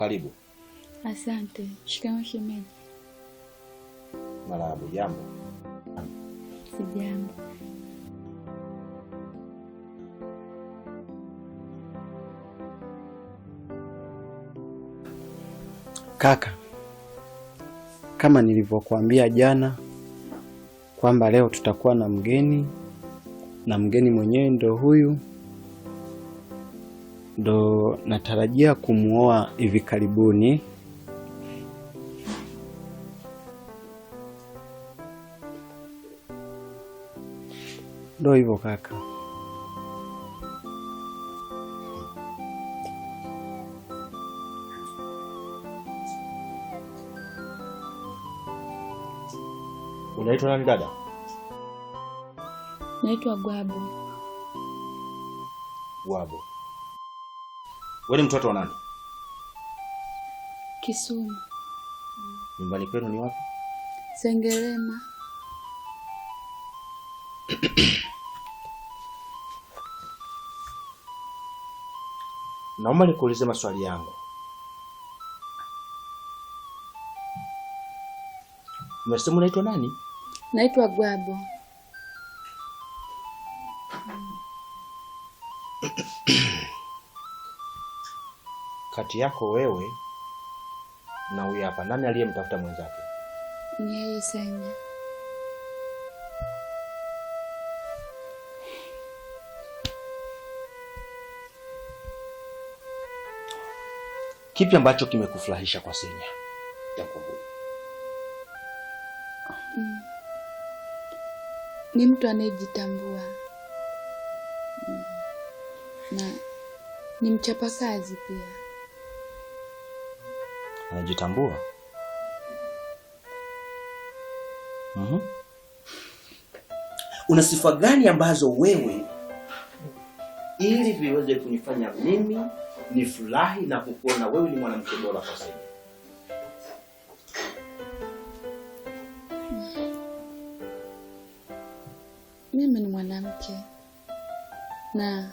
Karibu. Asante. Shikamoo shemeji. Marahaba. Jambo. Sijambo. Kaka, kama nilivyokuambia jana kwamba leo tutakuwa na mgeni na mgeni mwenyewe ndio huyu ndo natarajia kumwoa hivi karibuni. Ndo hivyo kaka. Unaitwa nani dada? Naitwa Gwabo. Gwabo. Wewe ni mtoto wa nani? Kisumu. Nyumbani kwenu ni wapi? Sengerema. Naomba nikuulize maswali yangu. Umesema unaitwa nani? Naitwa Gwabo. kati yako wewe na huyu hapa, nani aliyemtafuta mwenzake? Ni yeye Sanya. Kipi ambacho kimekufurahisha kwa Senya? Mm. Ni mtu anayejitambua mm. Na ni mchapakazi pia anajitambua mm -hmm. Una sifa gani ambazo wewe ili viweze kunifanya mimi ni furahi na kukuona wewe ni mwanamke bora kwa sasa? Mimi ni mwanamke na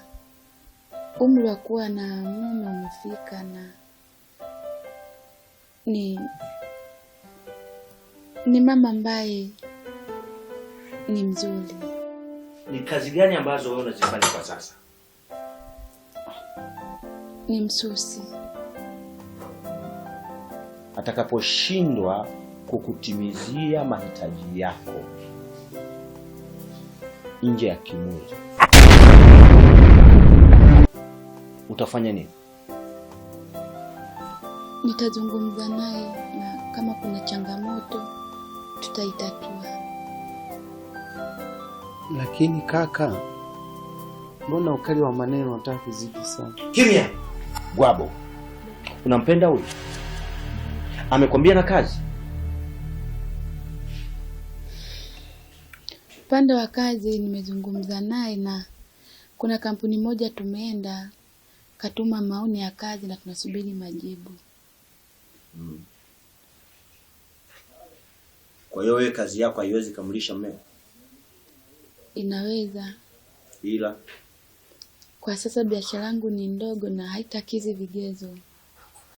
umri wa kuwa na mume umefika na ni ni mama ambaye ni mzuri. Ni kazi gani ambazo wewe unazifanya kwa sasa? Ni msusi. Atakaposhindwa kukutimizia mahitaji yako nje ya kimwili, utafanya nini? nitazungumza naye na kama kuna changamoto tutaitatua. Lakini kaka, mbona ukali wa maneno unataka kuzidi sana? Kimya Gwabo, unampenda huyu? Amekwambia na kazi? Upande wa kazi nimezungumza naye, na kuna kampuni moja tumeenda, katuma maoni ya kazi na tunasubiri majibu mume. Kwa hiyo wewe kazi yako haiwezi kumlisha mmeo? Inaweza, ila kwa sasa biashara yangu ni ndogo na haitakizi vigezo.